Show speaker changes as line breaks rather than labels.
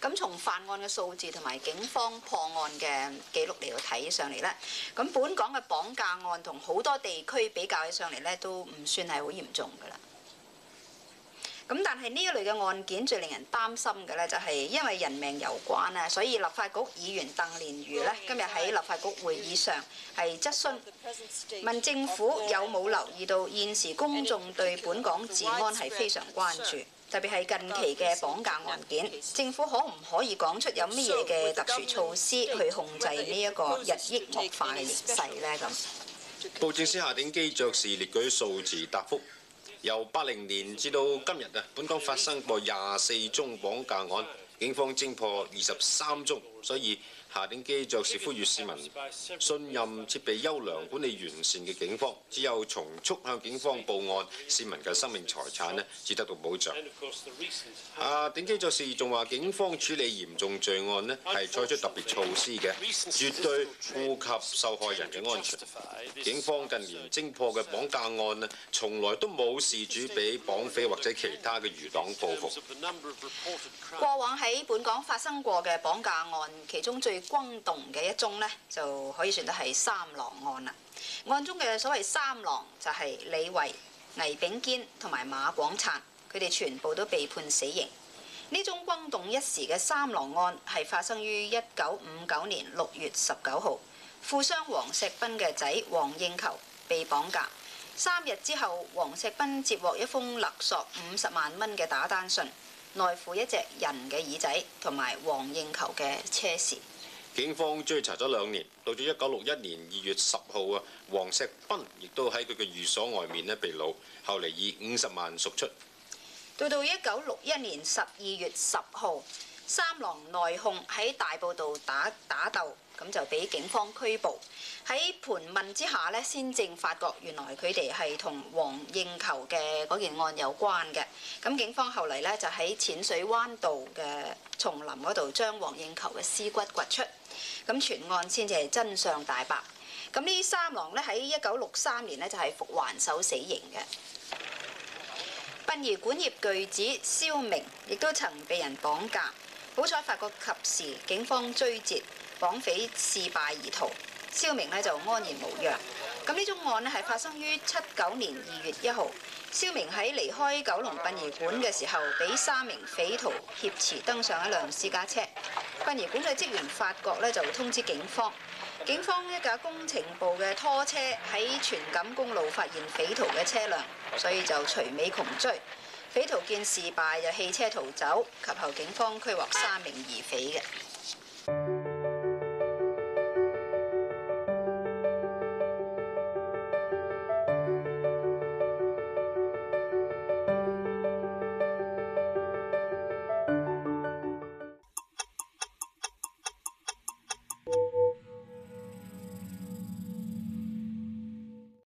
咁從犯案嘅數字同埋警方破案嘅記錄嚟到睇上嚟咧，咁本港嘅綁架案同好多地區比較起上嚟咧，都唔算係好嚴重㗎啦。咁但係呢一類嘅案件最令人擔心嘅咧，就係因為人命攸關啊，所以立法局議員鄧蓮如咧，今日喺立法局會議上係質詢問政府有冇留意到現時公眾對本港治安係非常關注，特別係近期嘅綁架案件，政府可唔可以講出有咩嘢嘅特殊措施去控制呢一個日益惡化嘅形勢咧？咁，
布政司夏鼎基爵士列舉數字答覆。由八零年至到今日啊，本港發生過廿四宗綁架案，警方偵破二十三宗。所以夏鼎基爵士呼籲市民信任設備優良、管理完善嘅警方，只有從速向警方報案，市民嘅生命財產呢至得到保障。啊，夏鼎基爵士仲話，警方處理嚴重罪案呢，係採取特別措施嘅，絕對顧及受害人嘅安全。警方近年偵破嘅綁架案咧，從來都冇事主俾綁匪或者其他嘅餘黨報復。
過往喺本港發生過嘅綁架案。其中最轟動嘅一宗呢，就可以算得係三狼案啦。案中嘅所謂三狼就係、是、李維、魏炳堅同埋馬廣燦，佢哋全部都被判死刑。呢宗轟動一時嘅三狼案係發生於一九五九年六月十九號，富商黃錫斌嘅仔黃應求被綁架，三日之後黃錫斌接獲一封勒索五十萬蚊嘅打單信。內附一隻人嘅耳仔同埋黃應球嘅車匙。
警方追查咗兩年，到咗一九六一年二月十號啊，黃石斌亦都喺佢嘅寓所外面呢被擄，後嚟以五十萬贖出。
到到一九六一年十二月十號。三郎內訌喺大埔道打打鬥，咁就俾警方拘捕。喺盤問之下咧，先正發覺原來佢哋係同黃應求嘅嗰件案有關嘅。咁警方後嚟呢，就喺淺水灣道嘅叢林嗰度將黃應求嘅屍骨掘出，咁全案先至係真相大白。咁呢三郎呢，喺一九六三年呢，就係服還手死刑嘅。殯儀館業巨子蕭明亦都曾被人綁架。好彩發覺及時，警方追截，綁匪事敗而逃，肖明呢就安然無恙。咁呢宗案呢係發生於七九年二月一號，肖明喺離開九龍殯儀館嘅時候，俾三名匪徒挾持登上一輛私家車。殯儀館嘅職員發覺呢就通知警方，警方一架工程部嘅拖車喺荃錦公路發現匪徒嘅車輛，所以就隨尾窮追。匪徒見事敗就棄車逃走，及後警方拘獲三名疑匪嘅。